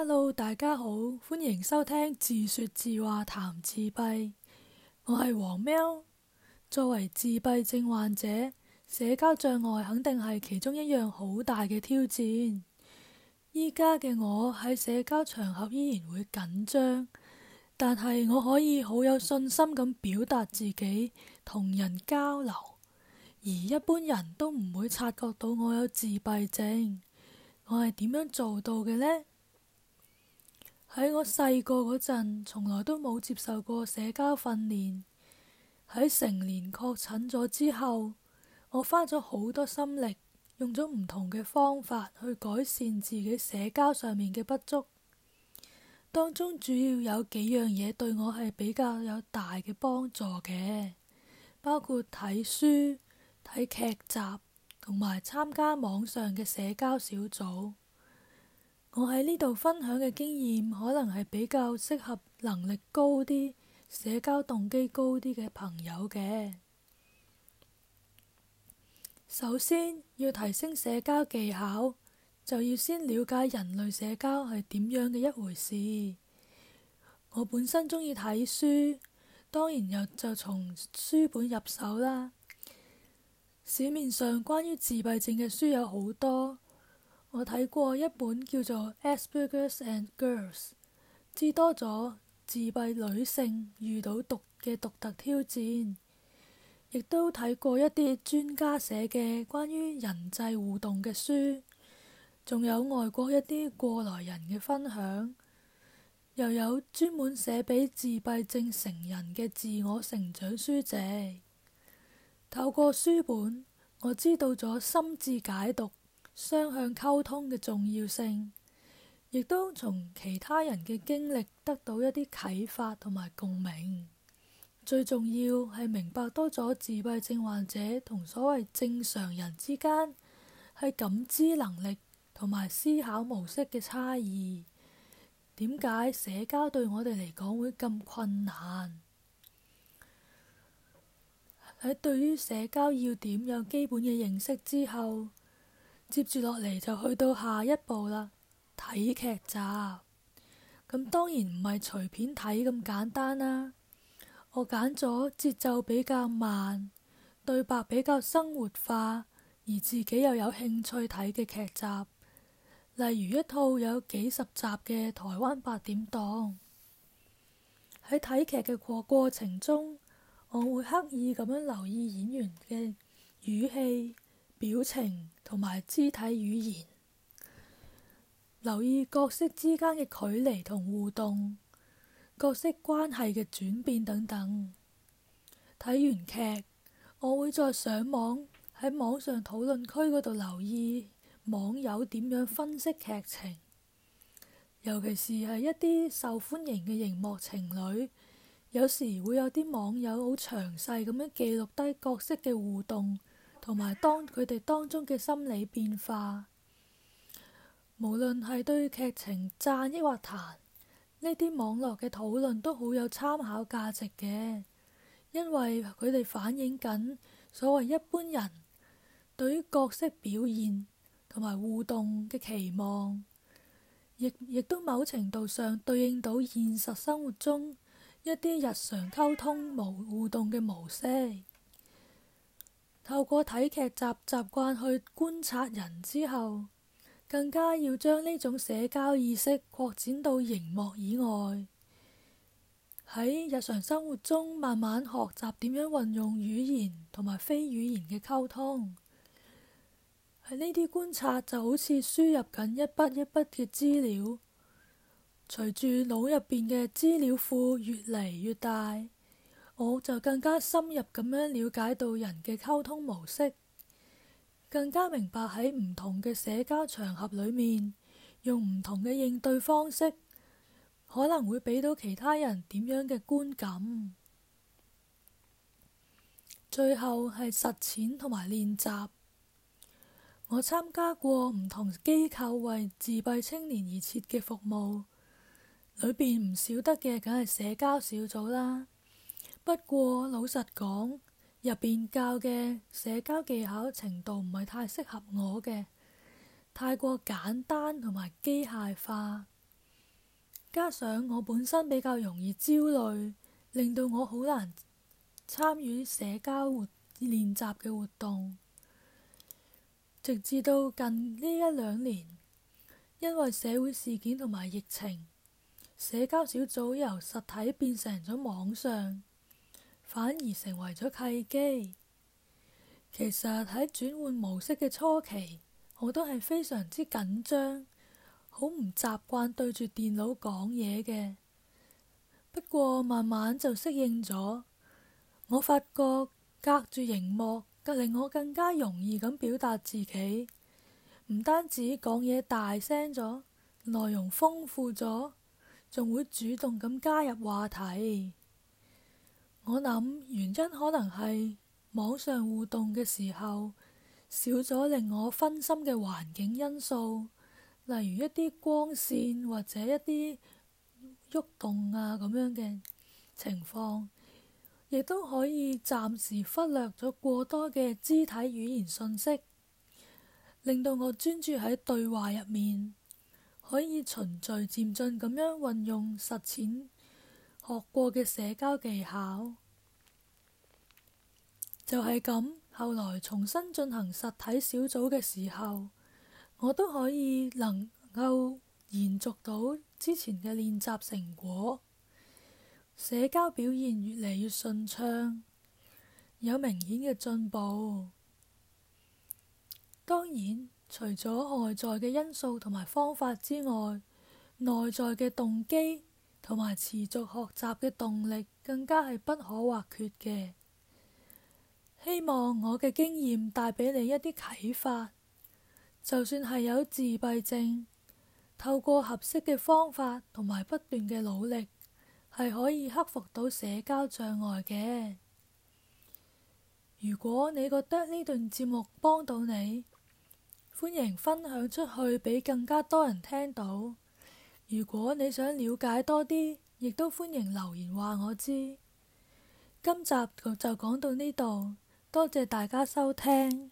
Hello，大家好，歡迎收聽自說自話談自閉。我係黃喵。作為自閉症患者，社交障礙肯定係其中一樣好大嘅挑戰。依家嘅我喺社交場合依然會緊張，但係我可以好有信心咁表達自己，同人交流，而一般人都唔會察覺到我有自閉症。我係點樣做到嘅呢？喺我細個嗰陣，從來都冇接受過社交訓練。喺成年確診咗之後，我花咗好多心力，用咗唔同嘅方法去改善自己社交上面嘅不足。當中主要有幾樣嘢對我係比較有大嘅幫助嘅，包括睇書、睇劇集，同埋參加網上嘅社交小組。我喺呢度分享嘅經驗，可能係比較適合能力高啲、社交動機高啲嘅朋友嘅。首先要提升社交技巧，就要先了解人類社交係點樣嘅一回事。我本身鍾意睇書，當然又就從書本入手啦。市面上關於自閉症嘅書有好多。我睇過一本叫做《Asperger's and Girls》，知多咗自閉女性遇到獨嘅獨特挑戰；亦都睇過一啲專家寫嘅關於人際互動嘅書，仲有外國一啲過來人嘅分享，又有專門寫俾自閉症成人嘅自我成長書籍。透過書本，我知道咗心智解讀。雙向溝通嘅重要性，亦都從其他人嘅經歷得到一啲啟發同埋共鳴。最重要係明白多咗自閉症患者同所謂正常人之間係感知能力同埋思考模式嘅差異。點解社交對我哋嚟講會咁困難？喺對於社交要點有基本嘅認識之後。接住落嚟就去到下一步啦，睇劇集。咁當然唔係隨便睇咁簡單啦，啊。我揀咗節奏比較慢，對白比較生活化，而自己又有興趣睇嘅劇集，例如一套有幾十集嘅台灣八點檔。喺睇劇嘅過過程中，我會刻意咁樣留意演員嘅語氣。表情同埋肢體語言，留意角色之間嘅距離同互動，角色關係嘅轉變等等。睇完劇，我會再上網，喺網上討論區嗰度留意網友點樣分析劇情，尤其是係一啲受歡迎嘅熒幕情侶，有時會有啲網友好詳細咁樣記錄低角色嘅互動。同埋當佢哋當中嘅心理變化，無論係對劇情讚抑或彈，呢啲網絡嘅討論都好有參考價值嘅，因為佢哋反映緊所謂一般人對於角色表現同埋互動嘅期望，亦亦都某程度上對應到現實生活中一啲日常溝通模互動嘅模式。透過睇劇集習慣去觀察人之後，更加要將呢種社交意識擴展到熒幕以外，喺日常生活中慢慢學習點樣運用語言同埋非語言嘅溝通。喺呢啲觀察就好似輸入緊一筆一筆嘅資料，隨住腦入邊嘅資料庫越嚟越大。我就更加深入咁樣了解到人嘅溝通模式，更加明白喺唔同嘅社交場合裏面，用唔同嘅應對方式，可能會俾到其他人點樣嘅觀感。最後係實踐同埋練習，我參加過唔同機構為自閉青年而設嘅服務，裏邊唔少得嘅梗係社交小組啦。不過老實講，入邊教嘅社交技巧程度唔係太適合我嘅，太過簡單同埋機械化。加上我本身比較容易焦慮，令到我好難參與社交活練習嘅活動。直至到近呢一兩年，因為社會事件同埋疫情，社交小組由實體變成咗網上。反而成為咗契機。其實喺轉換模式嘅初期，我都係非常之緊張，好唔習慣對住電腦講嘢嘅。不過慢慢就適應咗，我發覺隔住熒幕，令我更加容易咁表達自己。唔單止講嘢大聲咗，內容豐富咗，仲會主動咁加入話題。我諗原因可能係網上互動嘅時候，少咗令我分心嘅環境因素，例如一啲光線或者一啲喐動啊咁樣嘅情況，亦都可以暫時忽略咗過多嘅肢體語言信息，令到我專注喺對話入面，可以循序漸進咁樣運用實踐。學過嘅社交技巧就係噉。後來重新進行實體小組嘅時候，我都可以能夠延續到之前嘅練習成果，社交表現越嚟越順暢，有明顯嘅進步。當然，除咗外在嘅因素同埋方法之外，內在嘅動機。同埋持續學習嘅動力，更加係不可或缺嘅。希望我嘅經驗帶俾你一啲啟發，就算係有自閉症，透過合適嘅方法同埋不斷嘅努力，係可以克服到社交障礙嘅。如果你覺得呢段節目幫到你，歡迎分享出去俾更加多人聽到。如果你想了解多啲，亦都歡迎留言話我知。今集就講到呢度，多謝大家收聽。